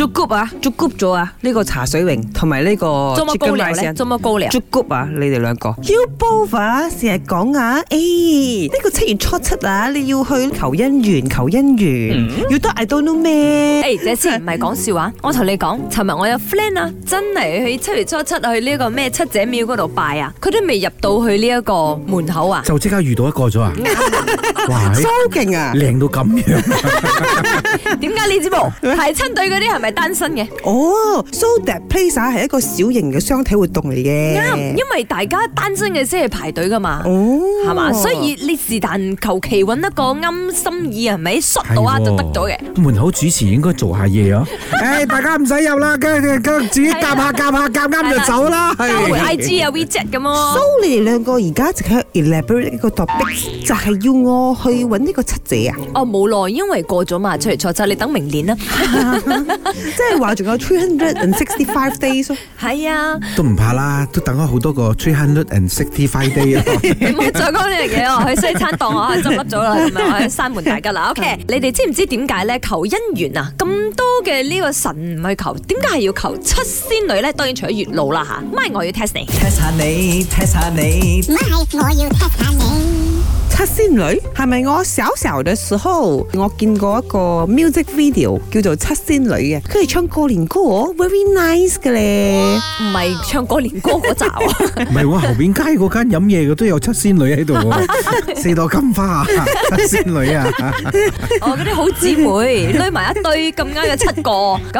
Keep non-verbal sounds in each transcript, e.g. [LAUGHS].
做 group 啊，做 group 咗啊！呢個茶水榮同埋呢個做乜高梁咧？做乜高梁？做 group 啊！你哋兩個，You both 啊，成日講啊，誒，呢個七月初七啊，你要去求姻緣，求姻緣，要得 I don't know 咩？誒，呢次唔係講笑話，我同你講，尋日我有 friend 啊，真係去七月初七去呢個咩七姐廟嗰度拜啊，佢都未入到去呢一個門口啊，就即刻遇到一個咗啊！哇，好勁啊，靚到咁樣，點解你子慕排親隊嗰啲係咪？單身嘅哦，so that place 啊係一個小型嘅相睇活動嚟嘅，啱，因為大家單身嘅先係排隊噶嘛，哦，係嘛，所以你是但求其揾一個啱心意係咪，甩到啊就得咗嘅。門口主持應該做下嘢咯，誒，大家唔使入啦，跟住自己夾下夾下夾啱就走啦，I G 啊，WeChat 咁咯。So 你哋兩個而家淨係 elaborate 呢個 topic，就係要我去揾呢個七姐啊？哦冇咯，因為過咗嘛，出嚟坐就你等明年啦。即係話仲有 three hundred and sixty five days 係啊，都唔怕啦，都等咗好多個 three hundred and sixty five day 啊，唔 [LAUGHS] 好再講呢樣嘢，我去西餐檔我係執笠咗啦，咁樣我閂門大吉啦，OK， [LAUGHS] 你哋知唔知點解咧？求姻緣啊，咁多嘅呢個神唔去求，點解係要求七仙女咧？當然除咗月老啦吓，咪我要 test 你，test 下你，test 下你，咪我要 test 下你。七仙女係咪我小時候嘅時候，我見過一個 music video，叫做七仙女嘅。佢係唱過年歌喎，very nice 嘅咧。唔係唱過年歌嗰集啊，唔係我後面街嗰間飲嘢嘅都有七仙女喺度，四朵金花七仙女啊，哦，嗰啲好姊妹堆埋一堆咁啱有七個，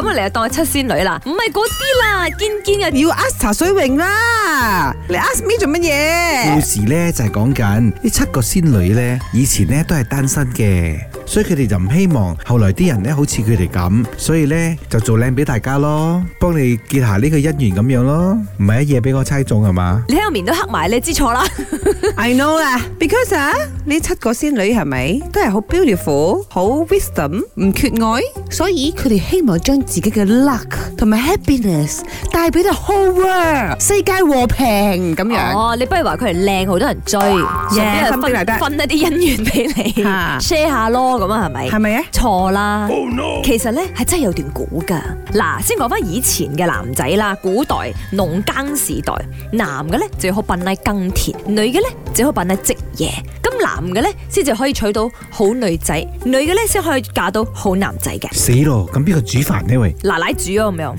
咁你就當七仙女啦，唔係嗰啲啦堅堅日要 ask 茶水榮啦，你 ask me 做乜嘢？故事咧就係講緊呢七個仙。女咧以前咧都係單身嘅，所以佢哋就唔希望後來啲人咧好似佢哋咁，所以咧就做靚俾大家咯，幫你結下呢個姻緣咁樣咯，唔係一夜俾我猜中係嘛？你喺我面都黑埋，你知錯啦。I know 啊，because 呢七個仙女係咪都係好 beautiful，好 wisdom，唔缺愛，所以佢哋希望將自己嘅 luck 同埋 happiness。代表就好啊！世界和平咁樣。哦、oh,，你不如話佢係靚，好多人追，俾、wow. 人、yeah, 分，分一啲姻緣俾你、yeah.，share 下咯咁樣係咪？係咪啊？錯啦，oh, no. 其實咧係真係有段古噶。嗱，先講翻以前嘅男仔啦，古代農耕時代，男嘅咧只好扮咧耕田，女嘅咧只好扮咧織嘢。咁男嘅咧先至可以娶到好女仔，女嘅咧先可以嫁到好男仔嘅。死咯，咁邊個煮飯呢？喂，奶奶煮啊咁樣。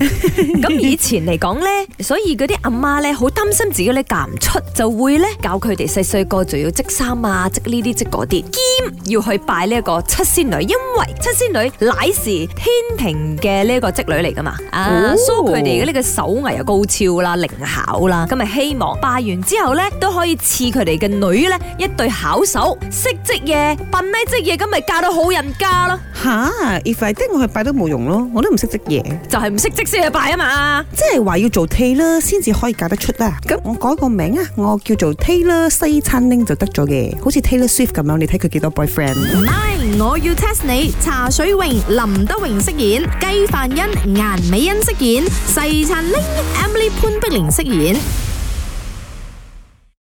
咁以前咧？嚟講咧，所以嗰啲阿媽咧好擔心自己咧嫁唔出，就會咧教佢哋細細個就要織衫啊，織呢啲織嗰啲，兼要去拜呢一個七仙女，因為七仙女乃是天庭嘅呢個織女嚟噶嘛。啊、哦，所以佢哋嘅呢個手藝又高超啦，靈巧啦，咁咪希望拜完之後咧都可以賜佢哋嘅女咧一對巧手，識織嘢，笨呢織嘢，咁咪嫁到好人家咯。吓，if 係真，我去拜都冇用咯，我都唔識織嘢，就係唔識織先去拜啊嘛，即係。話要做 Taylor 先至可以嫁得出啊，咁我改個名啊，我叫做 Taylor 西餐拎，就得咗嘅，好似 Taylor Swift 咁樣，你睇佢幾多 boyfriend。唔係，我要 test 你，茶水榮林德榮飾演，雞飯欣顏美欣飾演，西餐拎 Emily 潘碧玲飾演。